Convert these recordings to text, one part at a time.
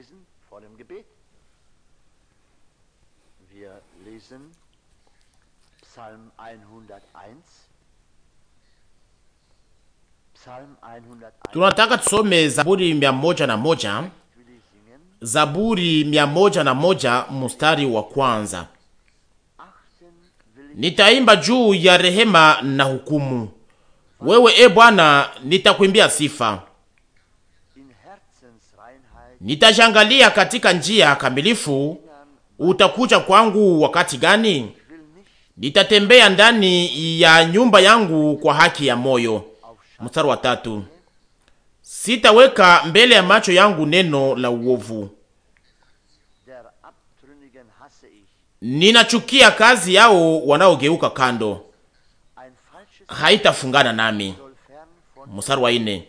lesen vor dem Gebet. Wir lesen Psalm 101. Psalm 101. Tunataka tusome Zaburi mia moja na moja. Zaburi mia moja na moja mstari wa kwanza. Nitaimba juu ya rehema na hukumu. Wewe e Bwana, nitakwimbia sifa nitashangalia katika njia kamilifu. Utakuja kwangu wakati gani? Nitatembea ndani ya nyumba yangu kwa haki ya moyo. Mstari wa tatu. Sitaweka mbele ya macho yangu neno la uovu. Ninachukia kazi yao wanaogeuka kando, haitafungana nami. Mstari wa nne.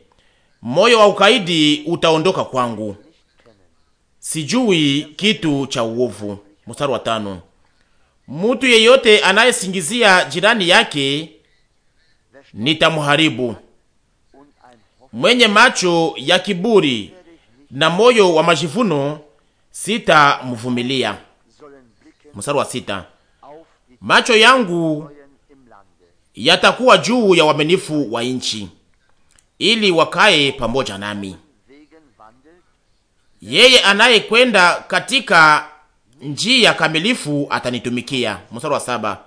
Moyo wa ukaidi utaondoka kwangu sijui kitu cha uovu. Mstari wa tano, mtu yeyote anayesingizia jirani yake nitamharibu. Mwenye macho ya kiburi na moyo wa majivuno sitamvumilia. Mstari wa sita, macho yangu yatakuwa juu ya wamenifu wa nchi, ili wakae pamoja nami yeye anayekwenda katika njia kamilifu atanitumikia. Mstari wa saba,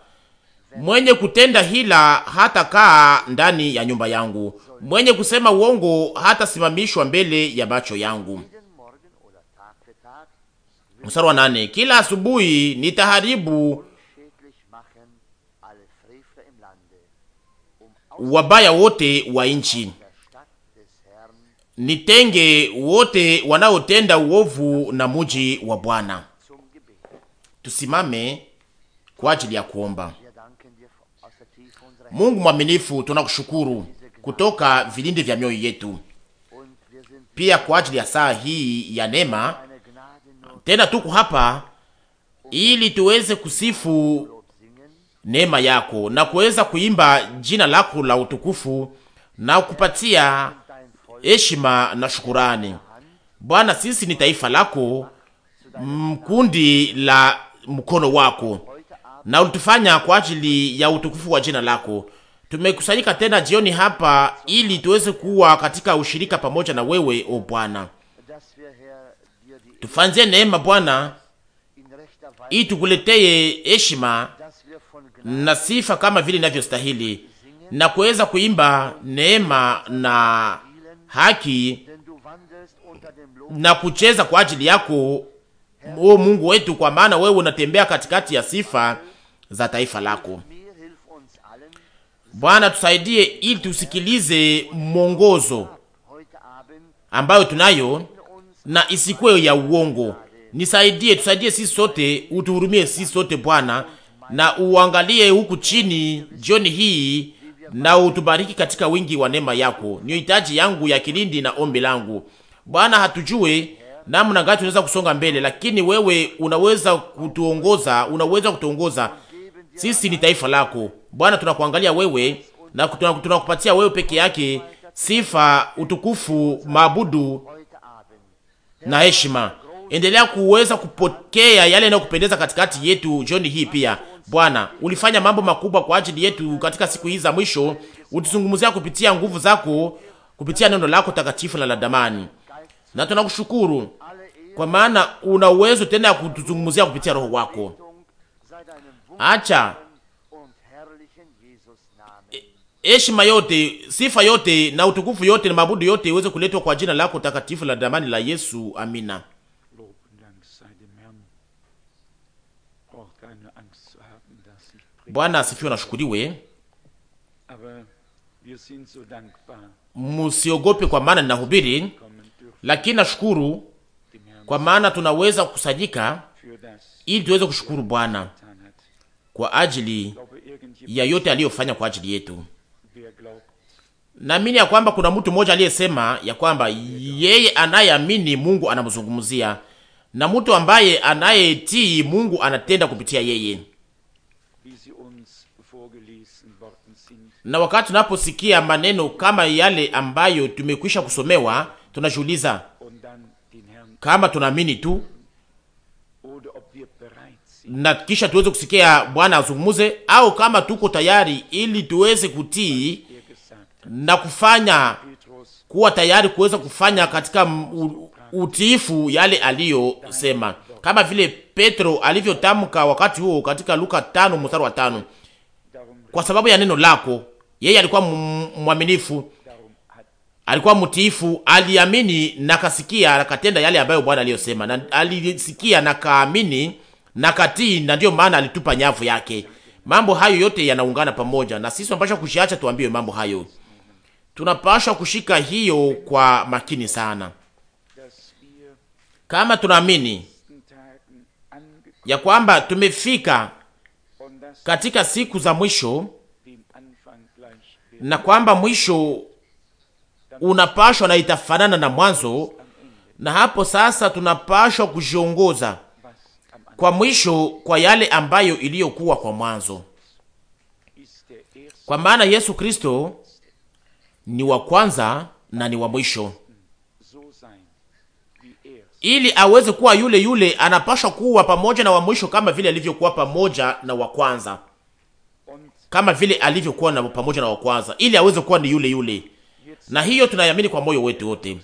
mwenye kutenda hila hata kaa ndani ya nyumba yangu, mwenye kusema uongo simamishwa mbele ya macho yangu. Mstari wa nane, kila asubuhi nitaharibu wabaya wote wa nchi nitenge wote wanaotenda uovu na muji wa Bwana. Tusimame kwa ajili ya kuomba. Mungu mwaminifu, tunakushukuru kutoka vilindi vya mioyo yetu, pia kwa ajili ya saa hii ya neema. Tena tuko hapa ili tuweze kusifu neema yako na kuweza kuimba jina lako la utukufu na kupatia heshima na shukurani. Bwana, sisi ni taifa lako, mkundi la mkono wako, na ulitufanya kwa ajili ya utukufu wa jina lako. Tumekusanyika tena jioni hapa ili tuweze kuwa katika ushirika pamoja na wewe, o Bwana. Tufanzie neema Bwana, ili tukuletee heshima na sifa kama vile inavyostahili na kuweza kuimba neema na haki na kucheza kwa ajili yako, o Mungu wetu, kwa maana wewe unatembea katikati ya sifa za taifa lako. Bwana, tusaidie ili tusikilize mwongozo ambayo tunayo na isikuwe ya uongo. Nisaidie, tusaidie sisi sote, utuhurumie sisi sote Bwana, na uangalie huku chini jioni hii na utubariki katika wingi wa neema yako. Ni hitaji yangu ya kilindi na ombi langu Bwana. Hatujue namna gani tunaweza kusonga mbele, lakini wewe unaweza kutuongoza, unaweza kutuongoza. Sisi ni taifa lako Bwana, tunakuangalia wewe na tunakupatia wewe peke yake sifa, utukufu, maabudu na heshima. Endelea kuweza kupokea yale yanayokupendeza katikati yetu jioni hii pia Bwana, ulifanya mambo makubwa kwa ajili yetu katika siku hizi za mwisho, utuzungumzia kupitia nguvu zako, kupitia neno lako takatifu na la damani, na tunakushukuru kwa maana una uwezo tena ya kutuzungumzia kupitia Roho wako. Acha heshima yote, sifa yote na utukufu yote na mabudu yote iweze kuletwa kwa jina lako takatifu la damani la Yesu. Amina. Bwana asifiwe na shukuriwe. Musiogope kwa maana ninahubiri, lakini nashukuru kwa maana tunaweza kukusanyika ili tuweze kushukuru Bwana kwa ajili ya yote aliyofanya kwa ajili yetu. Naamini ya kwamba kuna mtu mmoja aliyesema ya kwamba yeye anayeamini Mungu anamzungumzia na mtu ambaye anayetii Mungu anatenda kupitia yeye. na wakati tunaposikia maneno kama yale ambayo tumekwisha kusomewa, tunajiuliza kama tunaamini tu na kisha tuweze kusikia Bwana azungumuze, au kama tuko tayari ili tuweze kutii na kufanya kuwa tayari kuweza kufanya katika utiifu yale aliyosema, kama vile Petro alivyotamka wakati huo katika Luka tano mstari wa tano, kwa sababu ya neno lako yeye alikuwa mwaminifu, alikuwa mtiifu, aliamini na kasikia, akatenda yale ambayo Bwana aliyosema, na alisikia na kaamini na katii, na ndiyo maana alitupa nyavu yake. Mambo hayo yote yanaungana pamoja, na sisi tunapaswa kushiacha, tuambiwe mambo hayo, tunapaswa kushika hiyo kwa makini sana, kama tunaamini ya kwamba tumefika katika siku za mwisho na kwamba mwisho unapashwa na itafanana na mwanzo, na hapo sasa tunapashwa kujiongoza kwa mwisho kwa yale ambayo iliyokuwa kwa mwanzo, kwa maana Yesu Kristo ni wa kwanza na ni wa mwisho. Ili aweze kuwa yule yule, anapashwa kuwa pamoja na wa mwisho kama vile alivyokuwa pamoja na wa kwanza kama vile alivyokuwa na pamoja na wa kwanza, ili aweze kuwa ni yule yule, na hiyo tunayamini kwa moyo wetu wote.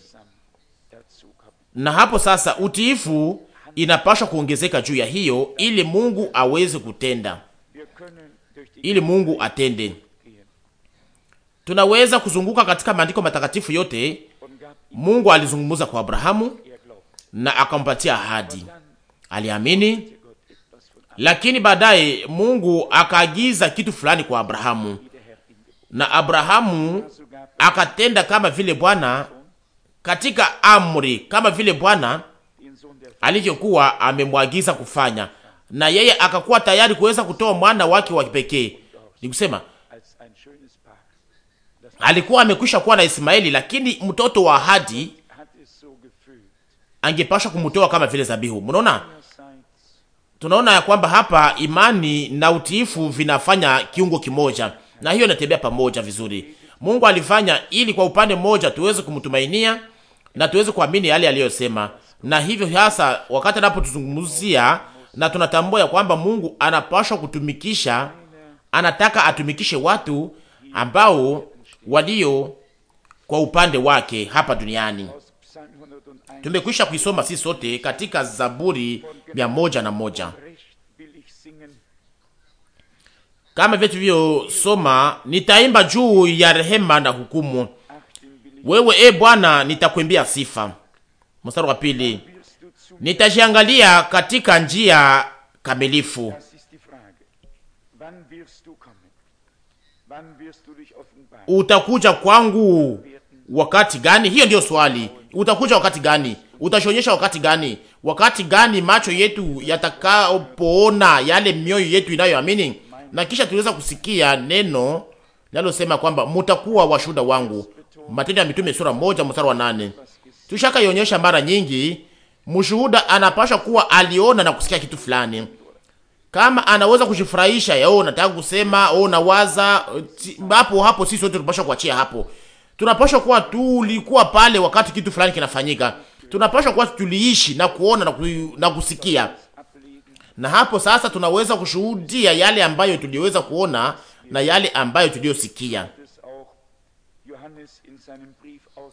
Na hapo sasa utiifu inapaswa kuongezeka juu ya hiyo, ili Mungu aweze kutenda, ili Mungu atende. Tunaweza kuzunguka katika maandiko matakatifu yote. Mungu alizungumza kwa Abrahamu na akampatia ahadi, aliamini lakini baadaye Mungu akaagiza kitu fulani kwa Abrahamu, na Abrahamu akatenda kama vile Bwana katika amri, kama vile Bwana alivyokuwa amemwagiza kufanya, na yeye akakuwa tayari kuweza kutoa mwana wake wa kipekee Ni kusema alikuwa amekwisha kuwa na Ismaeli, lakini mtoto wa ahadi angepasha kumtoa kama vile zabihu. Mnaona tunaona ya kwamba hapa imani na utiifu vinafanya kiungo kimoja, na hiyo inatembea pamoja vizuri. Mungu alifanya ili kwa upande mmoja tuweze kumtumainia na tuweze kuamini yale aliyosema, na hivyo hasa wakati anapotuzungumzia na tunatambua ya kwamba Mungu anapaswa kutumikisha, anataka atumikishe watu ambao walio kwa upande wake hapa duniani. Tumekwisha kuisoma sisi sote katika Zaburi mia moja na moja kama vile tulivyosoma, nitaimba juu ya rehema na hukumu, wewe e Bwana nitakwimbia sifa. Mstari wa pili, nitajiangalia katika njia kamilifu. Utakuja kwangu wakati gani? Hiyo ndiyo swali utakuja wakati gani? Utashonyesha wakati gani? Wakati gani macho yetu yatakapoona yale mioyo yetu inayoamini? Na kisha tuliweza kusikia neno linalosema kwamba mutakuwa washuhuda wangu, Matendo ya Mitume sura moja mstari wa nane. Tushaka Tushakaionyesha mara nyingi, mshuhuda anapaswa kuwa aliona na kusikia kitu fulani kama anaweza kujifurahisha yao, nataka kusema oh, nawaza hapo hapo, sisi wote tunapaswa kuachia hapo tunapashwa kuwa tulikuwa pale wakati kitu fulani kinafanyika. tunapashwa kuwa tuliishi na kuona na, ku, na kusikia, na hapo sasa tunaweza kushuhudia yale ambayo tuliweza kuona na yale ambayo tuliyosikia.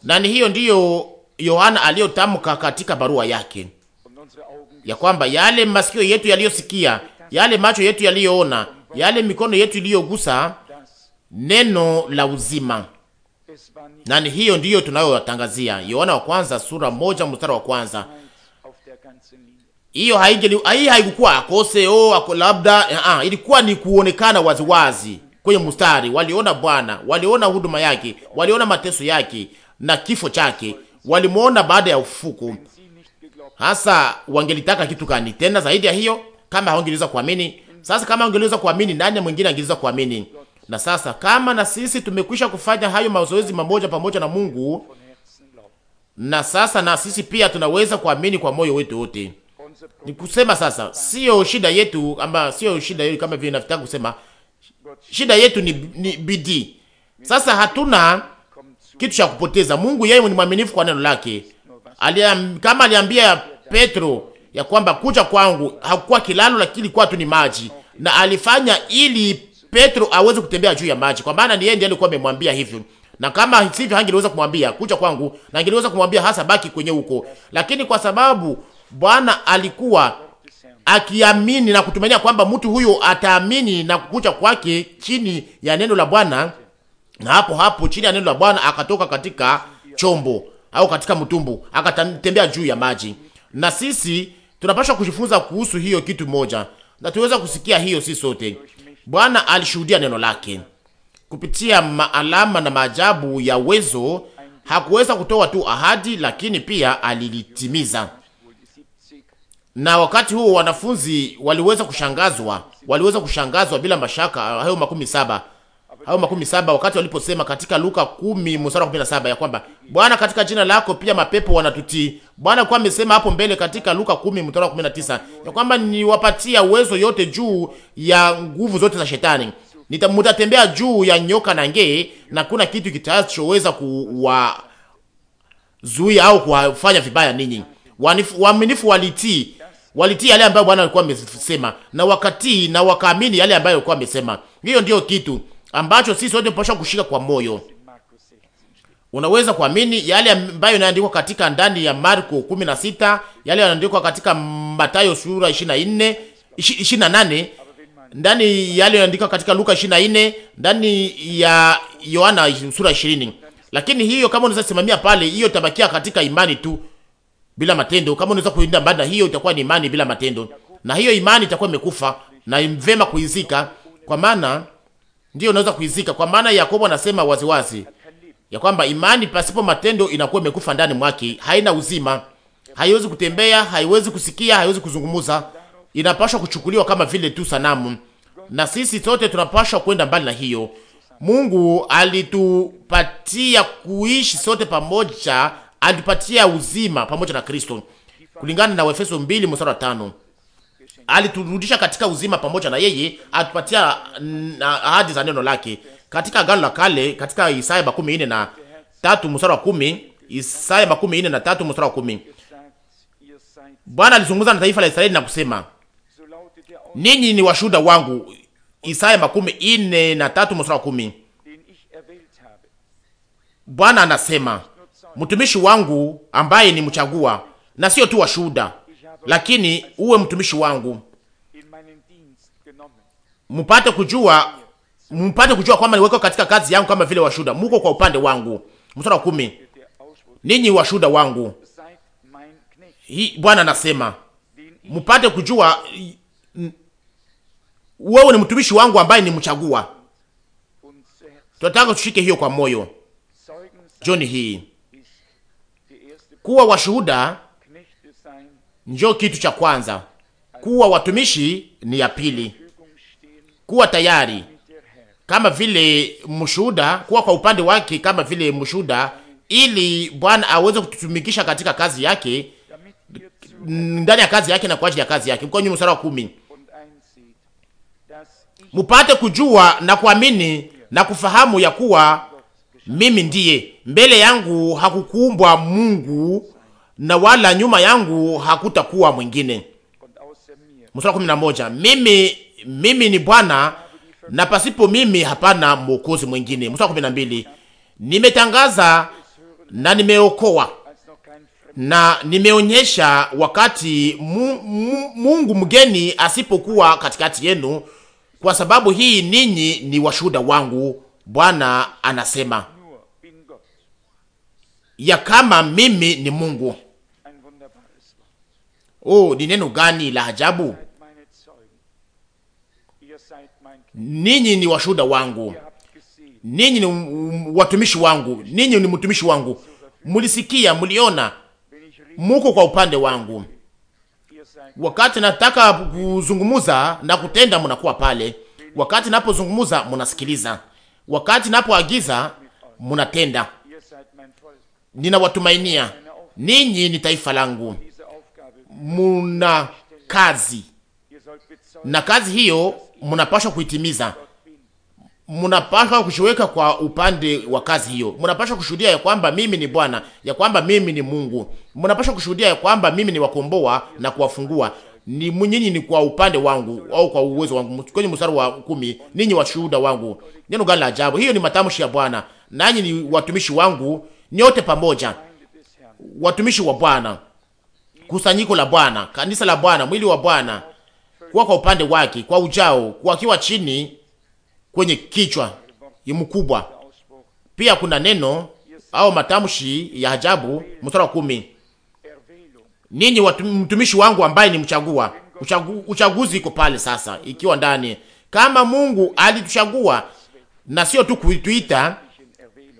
Na ni hiyo ndiyo Yohana aliyotamka katika barua yake ya kwamba yale masikio yetu yaliyosikia, yale macho yetu yaliyoona, yale mikono yetu iliyogusa neno la uzima na ni hiyo ndiyo tunayowatangazia. Yohana wa kwanza sura moja mstari wa kwanza. Hiyo haijeli hii haikuwa akose oh ako labda uh, ilikuwa ni kuonekana waziwazi kwenye mstari. Waliona Bwana, waliona huduma yake, waliona mateso yake na kifo chake, walimuona baada ya ufuku. Hasa wangelitaka kitu gani tena zaidi ya hiyo, kama hawangeliweza kuamini? Sasa kama hawangeliweza kuamini, nani mwingine angeliweza kuamini? Na sasa kama na sisi tumekwisha kufanya hayo mazoezi mamoja pamoja na Mungu, na sasa na sisi pia tunaweza kuamini kwa moyo wetu wote. Ni kusema sasa, sio shida yetu ama sio shida yetu, kama vile nafikiri kusema shida yetu ni, ni bidii. Sasa hatuna kitu cha kupoteza. Mungu yeye ni mwaminifu kwa neno lake. Aliam, kama aliambia Petro ya kwamba kuja kwangu hakukuwa kilalo, lakini kwa tu ni maji, na alifanya ili Petro aweze kutembea juu ya maji, kwa maana ni yeye ndiye alikuwa amemwambia hivyo, na kama sivyo hangeweza kumwambia kuja kwangu, na angeweza kumwambia hasa baki kwenye huko, lakini kwa sababu Bwana alikuwa akiamini na kutumania kwamba mtu huyo ataamini na kukuja kwake chini ya neno la Bwana, na hapo hapo chini ya neno la Bwana akatoka katika chombo au katika mtumbu akatembea juu ya maji. Na sisi tunapaswa kujifunza kuhusu hiyo kitu moja, na tuweza kusikia hiyo, sisi sote Bwana alishuhudia neno lake kupitia maalama na maajabu ya uwezo. Hakuweza kutoa tu ahadi, lakini pia alilitimiza. Na wakati huo wanafunzi waliweza kushangazwa, waliweza kushangazwa bila mashaka uh, hayo makumi saba hayo makumi saba wakati waliposema katika Luka 10 mstari wa ya kwamba Bwana, katika jina lako pia mapepo wanatutii. Bwana kwa amesema hapo mbele katika Luka 10 mstari wa 19 ya kwamba niwapatia uwezo yote juu ya nguvu zote za shetani, mutatembea juu ya nyoka na ngee, na kuna kitu kitachoweza kuwazuia au kuwafanya vibaya ninyi. Waaminifu walitii, walitii yale ambayo Bwana alikuwa amesema, na wakatii na wakaamini yale ambayo alikuwa amesema. Hiyo ndiyo kitu ambacho sisi wote tunapaswa kushika kwa moyo. Unaweza kuamini yale ambayo yanaandikwa katika ndani ya Marko 16, yale yanaandikwa katika Mathayo sura 24, 28, ndani yale yanaandikwa katika Luka 24, ndani ya Yohana sura 20. Lakini hiyo kama unaweza simamia pale, hiyo itabakia katika imani tu bila matendo. Kama unaweza kuinda baada hiyo itakuwa ni imani bila matendo. Na hiyo imani itakuwa imekufa na imvema kuizika kwa maana ndio unaweza kuizika kwa maana Yakobo anasema waziwazi wazi ya kwamba imani pasipo matendo inakuwa imekufa ndani mwake, haina uzima, haiwezi kutembea, haiwezi kusikia, haiwezi kuzungumuza, inapashwa kuchukuliwa kama vile tu sanamu, na sisi sote tunapashwa kwenda mbali na hiyo. Mungu alitupatia kuishi sote pamoja, alitupatia uzima pamoja na Kristo kulingana na Waefeso 2 mstari wa 5 aliturudisha katika uzima pamoja na yeye, atupatia mm, ahadi za neno lake katika agano la kale, katika Isaya makumi nne na tatu mstari wa kumi. Isaya makumi nne na tatu mstari wa kumi. Bwana alizungumza na taifa la Israeli na kusema, ninyi ni washuhuda wangu. Isaya makumi nne na tatu mstari wa kumi. Bwana anasema, mtumishi wangu ambaye ni mchagua, na sio tu washuhuda lakini uwe mtumishi wangu, mupate kujua, mpate kujua kwamba niweko katika kazi yangu kama vile washuda, muko kwa upande wangu. Mstari wa kumi, ninyi washuda wangu, Bwana anasema, mpate kujua wewe ni mtumishi wangu ambaye nimchagua. Tunataka tushike hiyo kwa moyo jioni hii, kuwa washuhuda Njoo kitu cha kwanza, kuwa watumishi ni ya pili, kuwa tayari kama vile mshuhuda, kuwa kwa upande wake kama vile mshuhuda, ili Bwana aweze kututumikisha katika kazi yake, ndani ya kazi yake na kwa ajili ya kazi yake. Kwenye mstari wa kumi, mupate kujua na kuamini na kufahamu ya kuwa mimi ndiye, mbele yangu hakukuumbwa mungu na wala nyuma yangu hakutakuwa mwingine. Mstari kumi na moja, mimi mimi ni Bwana na pasipo mimi hapana mwokozi mwingine. Mstari kumi na mbili, nimetangaza na nimeokoa na nimeonyesha wakati Mungu mgeni asipokuwa katikati yenu, kwa sababu hii ninyi ni washuhuda wangu, Bwana anasema ya kama mimi ni Mungu. Oh, ni neno gani la ajabu! Ninyi ni washuhuda wangu, ninyi ni um, um, watumishi wangu, ninyi ni mtumishi wangu. Mulisikia, muliona, muko kwa upande wangu. Wakati nataka kuzungumuza na kutenda, munakuwa pale. Wakati napozungumuza, munasikiliza. Wakati napoagiza, munatenda. Ninawatumainia ninyi, ni taifa langu muna kazi na kazi hiyo mnapashwa kuitimiza, mnapashwa kushiweka kwa upande wa kazi hiyo, munapashwa kushuhudia ya kwamba mimi ni Bwana, ya kwamba mimi ni Mungu, munapashwa kushuhudia ya kwamba mimi ni wakomboa na kuwafungua ni mnyinyi ni kwa upande wangu au kwa uwezo wangu. Kwenye mstari wa kumi, ninyi washuhuda wangu. Neno gani la ajabu! Hiyo ni matamshi ya Bwana. Nanyi ni watumishi wangu nyote pamoja, watumishi wa Bwana kusanyiko la Bwana, kanisa la Bwana, mwili wa Bwana, kuwa kwa upande wake, kwa ujao, wakiwa chini kwenye kichwa mkubwa. Pia kuna neno au matamshi ya ajabu, mstari wa kumi, ninyi mtumishi wangu ambaye ni mchagua. Uchagu, uchaguzi iko pale sasa, ikiwa ndani kama Mungu alituchagua na sio tu kuituita,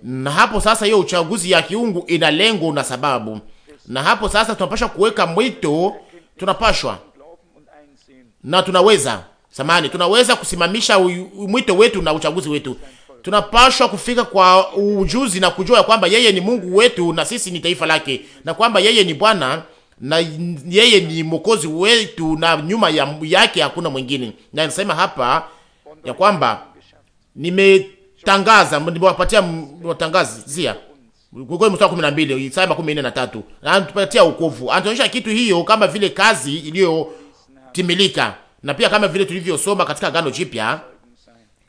na hapo sasa hiyo uchaguzi ya kiungu ina lengo na sababu na hapo sasa tunapasha kuweka mwito, tunapashwa na tunaweza samani, tunaweza kusimamisha mwito wetu na uchaguzi wetu. Tunapashwa kufika kwa ujuzi na kujua kwamba yeye ni Mungu wetu na sisi ni taifa lake, na kwamba yeye ni Bwana na yeye ni mwokozi wetu, na nyuma ya yake hakuna mwingine. Na nasema hapa ya kwamba nimetangaza, nimewapatia watangazia kwa mstari wa 12 Isaya 43. Anatupatia wokovu. Anatuonyesha kitu hiyo kama vile kazi iliyotimilika na pia kama vile tulivyosoma katika Agano Jipya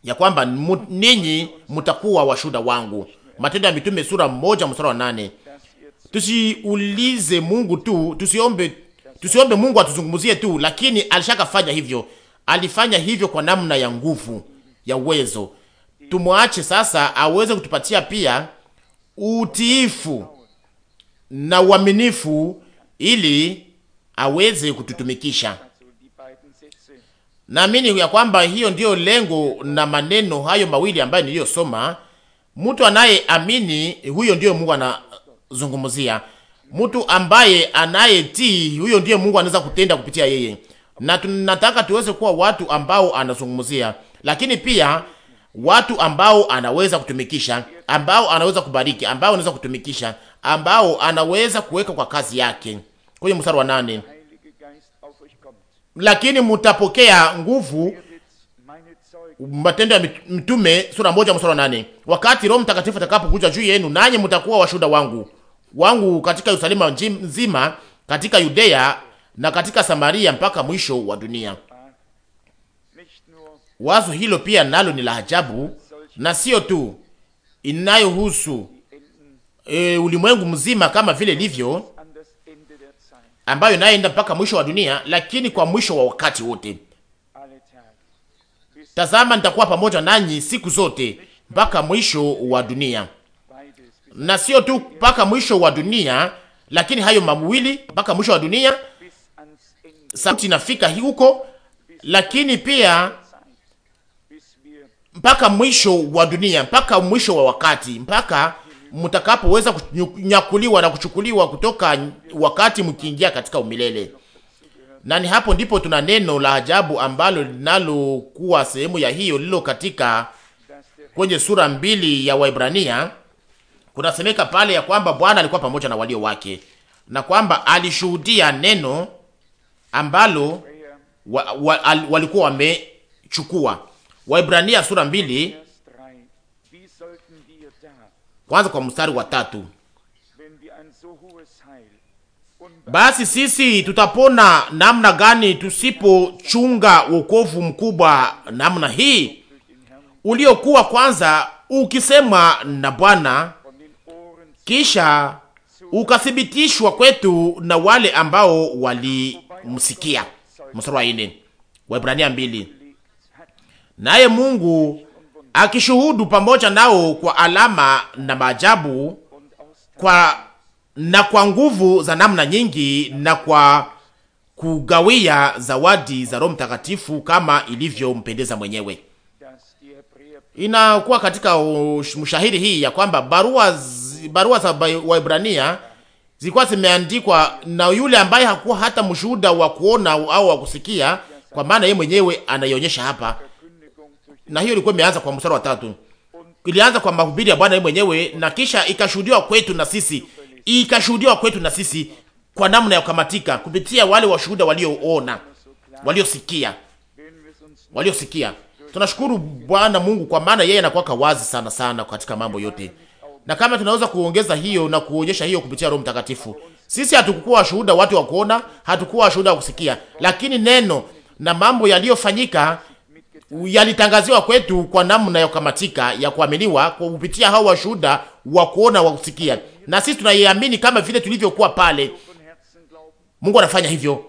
ya kwamba ninyi mtakuwa washuhuda wangu. Matendo ya Mitume sura moja mstari wa nane. Tusiulize Mungu tu, tusiombe tusiombe Mungu atuzungumzie tu, lakini alishakafanya hivyo. Alifanya hivyo kwa namna ya nguvu ya uwezo. Tumwache sasa aweze kutupatia pia utiifu na uaminifu ili aweze kututumikisha. Naamini ya kwamba hiyo ndiyo lengo na maneno hayo mawili ambayo niliyosoma. Mtu anayeamini huyo ndiyo Mungu anazungumzia. Mtu ambaye anayetii huyo ndiyo Mungu anaweza kutenda kupitia yeye, na tunataka tuweze kuwa watu ambao anazungumzia, lakini pia watu ambao anaweza kutumikisha, ambao anaweza kubariki, ambao anaweza kutumikisha, ambao anaweza kuweka kwa kazi yake. Kwenye mstari wa nane, lakini mutapokea nguvu Matendo ya Mitume sura moja mstari wa nane. Wakati Roho Mtakatifu atakapokuja juu yenu, nanyi mtakuwa washuhuda wangu wangu katika Yerusalemu nzima, katika Yudea na katika Samaria mpaka mwisho wa dunia. Wazo hilo pia nalo ni la ajabu, na sio tu inayohusu e, ulimwengu mzima kama vile ilivyo, ambayo inayoenda mpaka mwisho wa dunia, lakini kwa mwisho wa wakati wote. Tazama, nitakuwa pamoja nanyi siku zote mpaka mwisho wa dunia, na sio tu mpaka mwisho wa dunia, lakini hayo mawili mpaka mwisho wa dunia, sauti inafika huko, lakini pia mpaka mwisho wa dunia, mpaka mwisho wa wakati, mpaka mtakapoweza kunyakuliwa na kuchukuliwa kutoka wakati mkiingia katika umilele. Na ni hapo ndipo tuna neno la ajabu ambalo linalokuwa sehemu ya hiyo lilo katika kwenye sura mbili ya Waibrania. Kunasemeka pale ya kwamba Bwana alikuwa pamoja na walio wake na kwamba alishuhudia neno ambalo wa, wa, al, walikuwa wamechukua Waibrania sura mbili kwanza kwa mstari wa tatu. Basi sisi tutapona namna gani tusipochunga wokovu mkubwa namna hii uliokuwa kwanza ukisema na Bwana, kisha ukathibitishwa kwetu na wale ambao walimsikia. Mstari wa nne, Waebrania mbili naye Mungu akishuhudu pamoja nao kwa alama na maajabu kwa na kwa nguvu za namna nyingi na kwa kugawia zawadi za Roho Mtakatifu kama ilivyompendeza mwenyewe. Inakuwa katika mshahiri hii ya kwamba barua barua za Waebrania zilikuwa zimeandikwa na yule ambaye hakuwa hata mshuhuda wa kuona au wa kusikia, kwa maana yeye mwenyewe anaionyesha hapa na hiyo ilikuwa imeanza kwa mstari wa tatu, ilianza kwa mahubiri ya Bwana yeye mwenyewe, na kisha ikashuhudiwa kwetu na sisi, ikashuhudiwa kwetu na sisi kwa namna ya kukamatika kupitia wale washuhuda walioona, waliosikia, waliosikia. Tunashukuru Bwana Mungu kwa maana yeye anakuwa wazi sana sana katika mambo yote, na kama tunaweza kuongeza hiyo na kuonyesha hiyo kupitia Roho Mtakatifu. Sisi hatukuwa washuhuda watu wa kuona, hatukuwa washuhuda wa kusikia, lakini neno na mambo yaliyofanyika yalitangaziwa kwetu kwa namna ya kukamatika ya kuaminiwa kwa kupitia hao washuhuda wa kuona wa kusikia, na sisi tunaiamini kama vile tulivyokuwa pale. Mungu anafanya hivyo,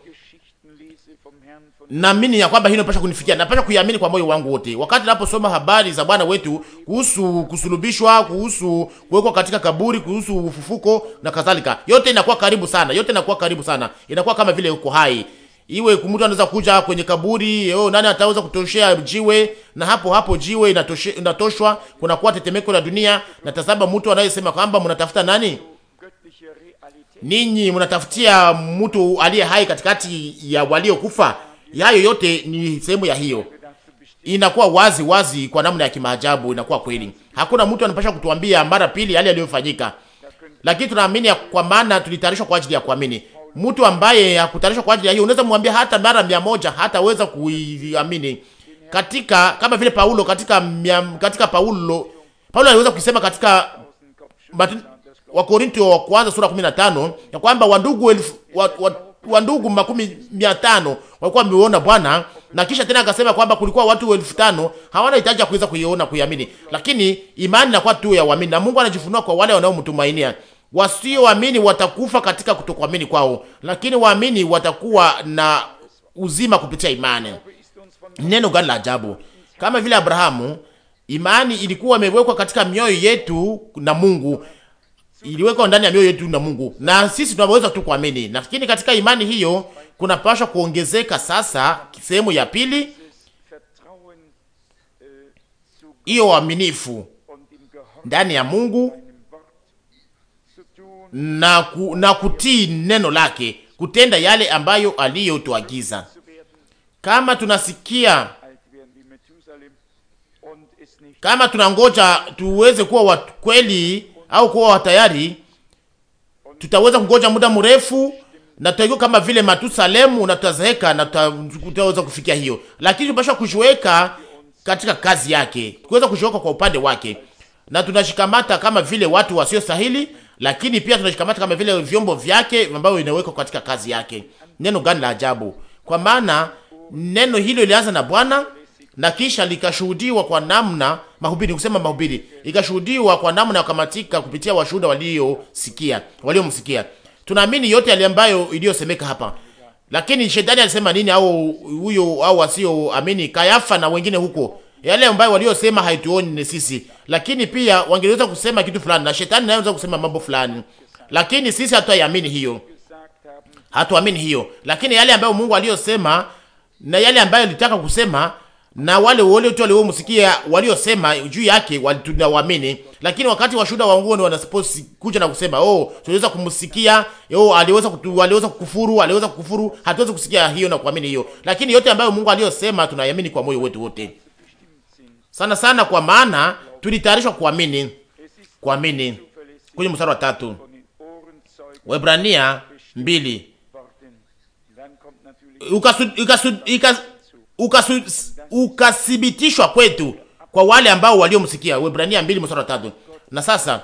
naamini ya kwamba hii inapasha kunifikia, napasha kuiamini kwa moyo wangu wote. Wakati naposoma habari za Bwana wetu kuhusu kusulubishwa, kuhusu kuwekwa katika kaburi, kuhusu ufufuko na kadhalika, yote inakuwa karibu sana, yote inakuwa karibu sana, inakuwa kama vile uko hai iwe kumtu anaweza kuja kwenye kaburi yo, eh, oh, nani ataweza kutoshea jiwe? Na hapo hapo jiwe inatoshe, inatoshwa. Kuna kuwa tetemeko la dunia. Na tazama mtu anayesema kwamba mnatafuta nani? Ninyi mnatafutia mtu aliye hai katikati ya waliokufa. Hayo yote ni sehemu ya hiyo, inakuwa wazi wazi kwa namna ya kimaajabu, inakuwa kweli. Hakuna mtu anapasha kutuambia mara pili yale yaliyofanyika, lakini tunaamini, kwa maana tulitayarishwa kwa ajili ya kuamini mtu ambaye hakutarishwa kwa ajili ya hiyo, unaweza kumwambia hata mara mia moja hataweza kuiamini, katika kama vile Paulo katika mia, katika Paulo Paulo aliweza kusema katika Wakorintho wa kwanza sura 15 ya kwamba wandugu elfu wa, wa, wandugu makumi mia tano walikuwa wameona Bwana, na kisha tena akasema kwamba kulikuwa watu elfu tano hawana hitaji ya kuweza kuiona kuiamini, lakini imani inakuwa tu ya waamini, na Mungu anajifunua kwa wale wanaomtumainia. Wasioamini watakufa katika kutokuamini kwao, lakini waamini watakuwa na uzima kupitia imani. Neno gani la ajabu! Kama vile Abrahamu, imani ilikuwa imewekwa katika mioyo yetu na Mungu, iliwekwa ndani ya mioyo yetu na Mungu, na sisi tunaweza tu kuamini. Lakini katika imani hiyo kuna pasha kuongezeka. Sasa sehemu ya pili, hiyo uaminifu ndani ya Mungu na, ku, na kutii neno lake, kutenda yale ambayo aliyotuagiza. Kama tunasikia kama tunangoja tuweze kuwa wakweli kweli au kuwa watayari, tutaweza kungoja muda mrefu na tutaikuwa kama vile Matusalemu na tutazeheka na tutaweza kufikia hiyo, lakini tunapaswa kushoweka katika kazi yake, tuweza kushoweka kwa upande wake na tunashikamata kama vile watu wasio sahili, lakini pia tunashikamata kama vile vyombo vyake ambavyo inawekwa katika kazi yake. Neno gani la ajabu! Kwa maana neno hilo ilianza na Bwana na kisha likashuhudiwa kwa namna mahubiri, kusema mahubiri ikashuhudiwa kwa namna ya kamatika kupitia washuhuda waliosikia, waliomsikia. Tunaamini yote yale ambayo iliyosemeka hapa, lakini shetani alisema nini? Au huyo au wasioamini Kayafa na wengine huko yale ambayo waliosema haituoni ni sisi, lakini pia wangeweza kusema kitu fulani, na shetani naye anaweza kusema mambo fulani, lakini sisi hatuamini hiyo, hatuamini hiyo. Lakini yale ambayo Mungu aliyosema na yale ambayo alitaka kusema na wale wale tu msikia waliosema juu yake walitunaamini, lakini wakati wa shuhuda wa uongo wanasipoti kuja na kusema oh, tunaweza kumsikia oh, aliweza kutu, aliweza kukufuru, aliweza kukufuru, hatuwezi kusikia hiyo na kuamini hiyo, lakini yote ambayo Mungu aliyosema tunayamini kwa moyo wetu wote sana sana, kwa maana tulitayarishwa kuamini. Kuamini kwenye mstari wa tatu Waebrania mbili ukathibitishwa kwetu kwa wale ambao waliomsikia. Waebrania mbili mstari wa tatu Na sasa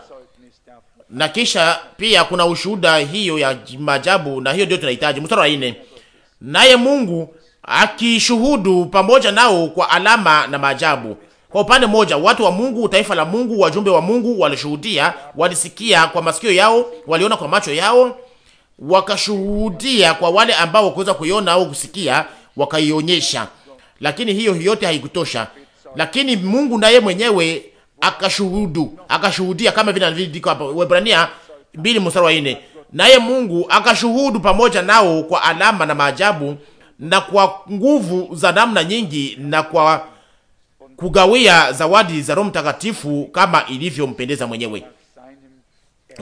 na kisha pia kuna ushuhuda hiyo ya majabu, na hiyo ndio tunahitaji. Mstari wa nne naye Mungu akishuhudu pamoja nao kwa alama na maajabu kwa upande mmoja, watu wa Mungu, taifa la Mungu, wajumbe wa Mungu walishuhudia, walisikia kwa masikio yao, waliona kwa macho yao, wakashuhudia kwa wale ambao wakuweza kuiona au kusikia, wakaionyesha. Lakini hiyo yote haikutosha, lakini Mungu naye mwenyewe akashuhudu, akashuhudia kama vile alivyoandikwa hapa Waebrania 2 mstari wa 4. Naye Mungu akashuhudu pamoja nao kwa alama na maajabu na kwa nguvu za namna nyingi na kwa kugawia zawadi za Roho Mtakatifu kama ilivyompendeza mwenyewe.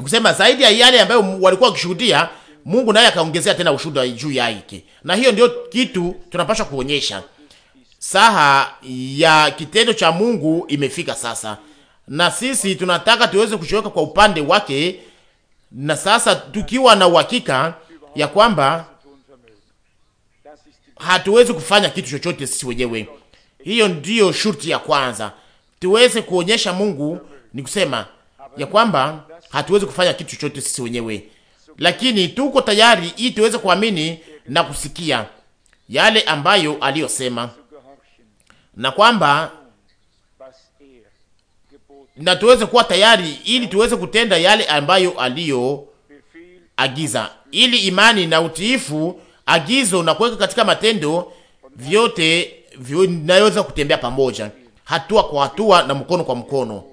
Kusema zaidi ya yale ambayo walikuwa wakishuhudia, Mungu naye akaongezea tena ushuhuda juu yake, na hiyo ndio kitu tunapaswa kuonyesha. Saha ya kitendo cha Mungu imefika sasa, na sisi tunataka tuweze kushoweka kwa upande wake, na sasa tukiwa na uhakika ya kwamba hatuwezi kufanya kitu chochote sisi wenyewe, hiyo ndiyo shurti ya kwanza, tuweze kuonyesha Mungu ni kusema ya kwamba hatuwezi kufanya kitu chochote sisi wenyewe, lakini tuko tayari ili tuweze kuamini na kusikia yale ambayo aliyosema, na kwamba na tuweze kuwa tayari ili tuweze kutenda yale ambayo aliyoagiza, ili imani na utiifu, agizo na kuweka katika matendo vyote vinaweza kutembea pamoja hatua kwa hatua na mkono kwa mkono.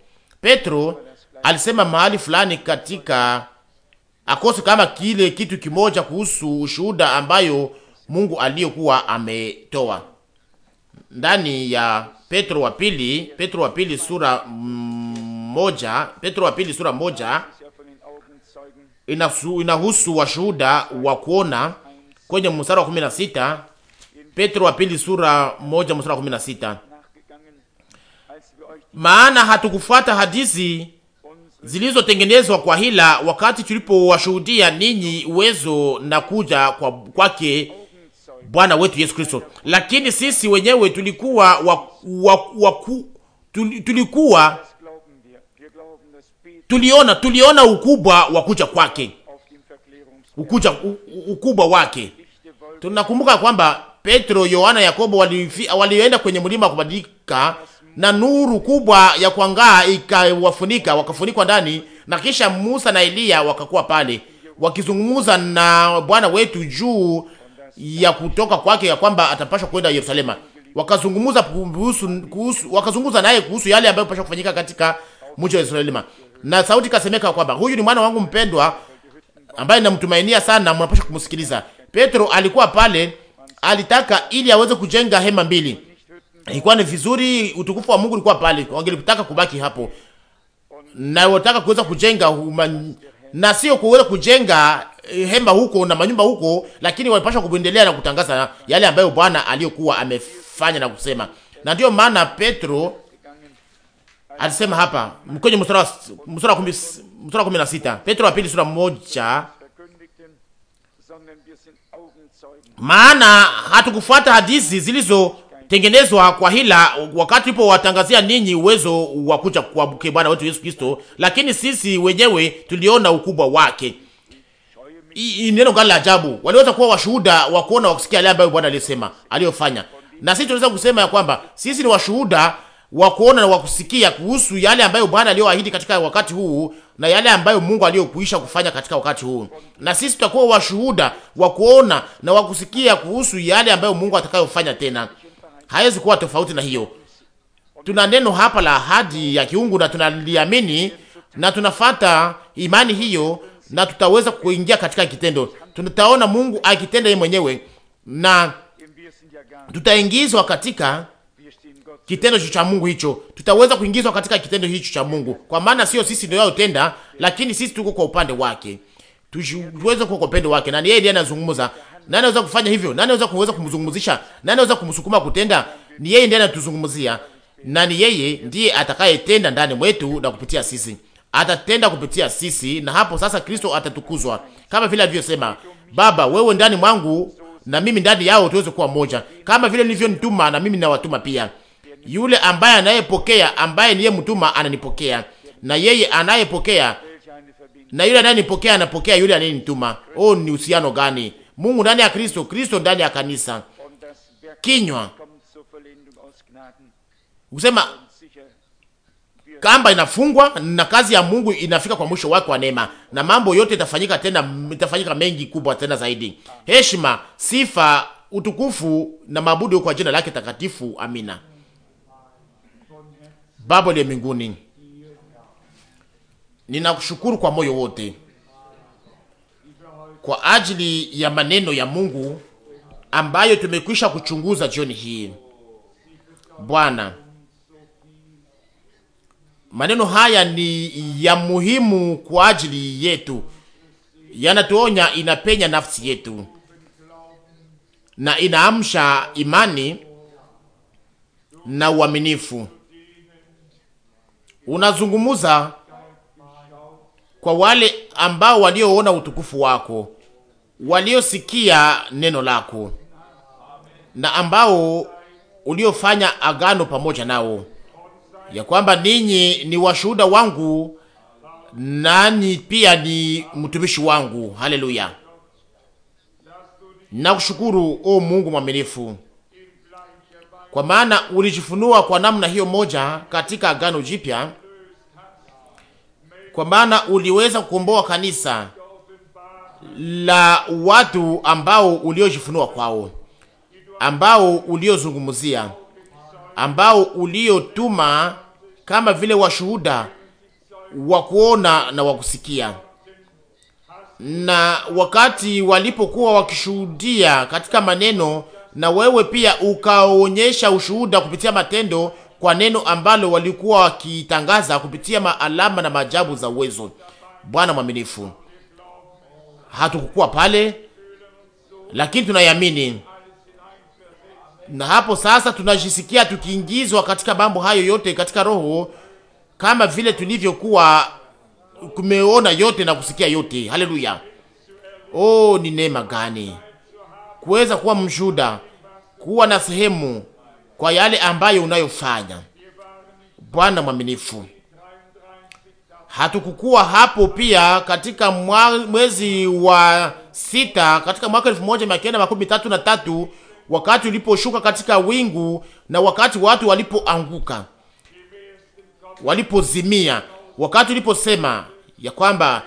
Petro alisema mahali fulani katika akosi kama kile kitu kimoja kuhusu ushuhuda ambayo Mungu aliyokuwa ametoa ndani ya Petro wa pili, Petro wa pili sura moja, Petro wa pili sura moja inahusu washuhuda wa kuona kwenye mstari wa 16 Petro wa pili sura moja mstari wa sita. Maana hatukufuata hadithi zilizotengenezwa kwa hila wakati tulipowashuhudia ninyi uwezo na kuja kwa kwake Bwana wetu Yesu Kristo, lakini sisi wenyewe tulikuwa wa, tulikuwa tuliona tuliona ukubwa wa kuja kwake, ukuja ukubwa wake. Tunakumbuka kwamba Petro, Yohana, Yakobo walienda wali kwenye mlima kubadilika, na nuru kubwa ya kuangaa ikawafunika, wakafunikwa ndani, na kisha Musa na Eliya wakakuwa pale wakizungumza na Bwana wetu juu ya kutoka kwake ya kwamba atapashwa kwenda Yerusalema. Wakazungumza kuhusu, kuhusu wakazungumza naye kuhusu yale ambayo pasha kufanyika katika mji wa Yerusalema, na sauti kasemeka kwamba huyu ni mwana wangu mpendwa ambaye namtumainia sana, mnapasha kumsikiliza. Petro alikuwa pale alitaka ili aweze kujenga hema mbili. Ilikuwa ni vizuri, utukufu wa Mungu ulikuwa pale, wangelitaka kubaki hapo na wataka kuweza kujenga huma, na sio kuweza kujenga eh, hema huko na manyumba huko, lakini walipasha kuendelea na kutangaza yale ambayo Bwana aliyokuwa amefanya na kusema, na ndiyo maana Petro alisema hapa kwenye mstari wa 16 Petro wa pili sura moja maana hatukufuata hadithi zilizotengenezwa kwa hila wakati ipo watangazia ninyi uwezo wa kuja kuamke Bwana wetu Yesu Kristo, lakini sisi wenyewe tuliona ukubwa wake. Ni neno gani la ajabu! Waliweza kuwa washuhuda wa kuona wa yale ambayo Bwana alisema aliyofanya, na sisi tunaweza kusema ya kwamba sisi ni washuhuda wa kuona na wa kusikia kuhusu yale ambayo Bwana aliyoahidi katika wakati huu na yale ambayo Mungu aliyokuisha kufanya katika wakati huu, na sisi tutakuwa washuhuda wa kuona na wa kusikia kuhusu yale ambayo Mungu atakayofanya tena. Haiwezi kuwa tofauti na hiyo. Tuna neno hapa la ahadi ya kiungu na tunaliamini na tunafata imani hiyo, na tutaweza kuingia katika kitendo. Tutaona Mungu akitenda yeye mwenyewe na tutaingizwa katika kitendo hicho cha Mungu hicho, tutaweza kuingizwa katika kitendo hicho cha Mungu, kwa maana sio sisi ndio yotenda, lakini sisi tuko kwa upande wake, tuweze kuwa kwa upande wake, na yeye ndiye anazungumza. Nani anaweza kufanya hivyo? Nani anaweza kuweza kumzungumzisha? Nani anaweza kumsukuma kutenda? Ni yeye ndiye anatuzungumzia, na ni yeye ndiye atakayetenda ndani mwetu na kupitia sisi, atatenda kupitia sisi, na hapo sasa Kristo atatukuzwa kama vile alivyosema, Baba wewe ndani mwangu na mimi ndani yao, tuweze kuwa moja, kama vile nilivyonituma na mimi nawatuma pia yule ambaye anayepokea, ambaye niye mtuma, ananipokea na yeye anayepokea na yule anayenipokea anapokea yule anayenituma. Oh, ni uhusiano gani! Mungu ndani ya Kristo, Kristo ndani ya kanisa. Kinywa kusema kamba inafungwa na kazi ya Mungu inafika kwa mwisho wake wa neema, na mambo yote itafanyika tena, itafanyika mengi kubwa tena zaidi. Heshima, sifa, utukufu na mabudu kwa jina lake takatifu. Amina. Baba uliye mbinguni, ninakushukuru kwa moyo wote kwa ajili ya maneno ya Mungu ambayo tumekwisha kuchunguza jioni hii. Bwana, maneno haya ni ya muhimu kwa ajili yetu, yanatuonya, inapenya nafsi yetu na inaamsha imani na uaminifu unazungumuza kwa wale ambao walioona utukufu wako, waliosikia neno lako na ambao uliofanya agano pamoja nao ya kwamba ninyi ni washuhuda wangu nani pia ni mtumishi wangu. Haleluya, nakushukuru o Mungu mwaminifu kwa maana ulijifunua kwa namna hiyo moja katika Agano Jipya, kwa maana uliweza kukomboa kanisa la watu ambao uliojifunua kwao, ambao uliozungumzia, ambao uliotuma kama vile washuhuda wa kuona na wa kusikia. Na wakati walipokuwa wakishuhudia katika maneno na wewe pia ukaonyesha ushuhuda kupitia matendo kwa neno ambalo walikuwa wakitangaza kupitia maalama na maajabu za uwezo. Bwana mwaminifu, hatukukuwa pale, lakini tunayamini na hapo sasa tunajisikia tukiingizwa katika mambo hayo yote katika roho, kama vile tulivyokuwa kumeona yote na kusikia yote. Haleluya! Oh, ni neema gani kuweza kuwa mshuda, kuwa na sehemu kwa yale ambayo unayofanya. Bwana mwaminifu, hatukukuwa hapo pia katika mwezi wa sita katika mwaka elfu moja mia kenda makumi tatu na tatu wakati uliposhuka katika wingu na wakati watu walipoanguka walipozimia, wakati uliposema ya kwamba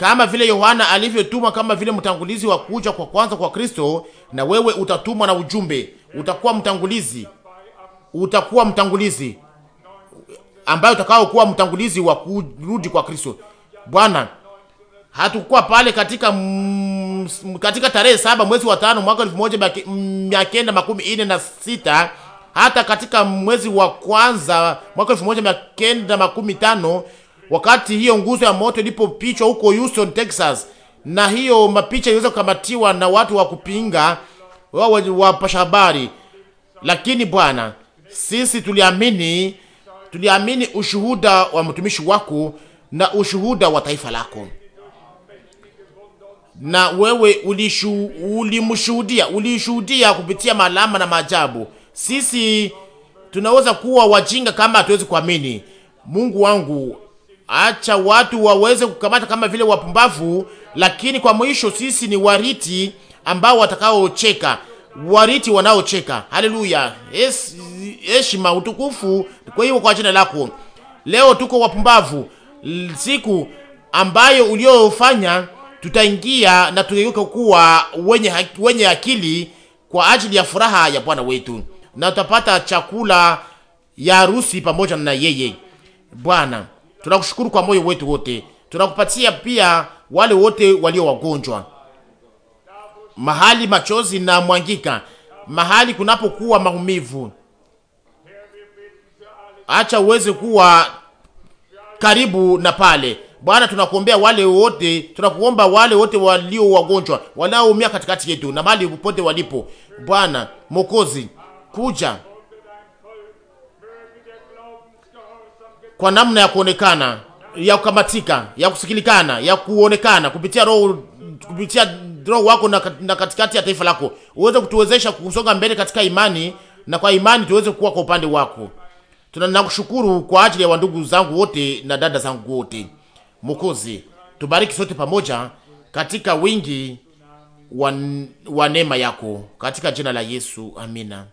kama vile Yohana alivyotumwa kama vile mtangulizi wa kuja kwa kwanza kwa Kristo, na wewe utatumwa na ujumbe, utakuwa mtangulizi, utakuwa mtangulizi ambayo utakao kuwa mtangulizi wa kurudi kwa Kristo. Bwana, hatukuwa pale katika m, mm, katika tarehe saba mwezi wa tano mwaka elfu moja mia kenda makumi ine na sita hata katika mwezi wa kwanza mwaka elfu moja mia kenda makumi tano wakati hiyo nguzo ya moto ilipopichwa huko Houston, Texas, na hiyo mapicha iliweza kukamatiwa na watu wa kupinga wao wapasha habari. Lakini Bwana, sisi tuliamini, tuliamini ushuhuda wa mtumishi wako na ushuhuda wa taifa lako, na wewe ulimshuhudia, ulishuhudia kupitia malama na maajabu. Sisi tunaweza kuwa wajinga kama hatuwezi kuamini. Mungu wangu acha watu waweze kukamata kama vile wapumbavu, lakini kwa mwisho sisi ni wariti ambao watakaocheka, wariti wanaocheka. Haleluya, heshima, utukufu kwa hiyo kwa jina lako. Leo tuko wapumbavu, siku ambayo uliofanya tutaingia na tugeuke kuwa wenye, wenye akili kwa ajili ya furaha ya Bwana wetu, na tutapata chakula ya harusi pamoja na yeye Bwana. Tunakushukuru kwa moyo wetu wote. Tunakupatia pia wale wote walio wagonjwa, mahali machozi na mwangika, mahali kunapokuwa maumivu. Acha uweze kuwa karibu na pale Bwana, tunakuombea wale wote, tunakuomba wale wote walio wagonjwa, wanaoumia katikati yetu na mahali popote walipo. Bwana Mwokozi, kuja kwa namna ya kuonekana, ya kukamatika, ya kusikilikana, ya kuonekana kupitia roho, kupitia roho wako na, na katikati ya taifa lako, uweze kutuwezesha kusonga mbele katika imani, na kwa imani tuweze kuwa kwa upande wako. Tunakushukuru kwa ajili ya wandugu zangu wote na dada zangu wote. Mwokozi, tubariki sote pamoja katika wingi wa neema yako katika jina la Yesu, amina.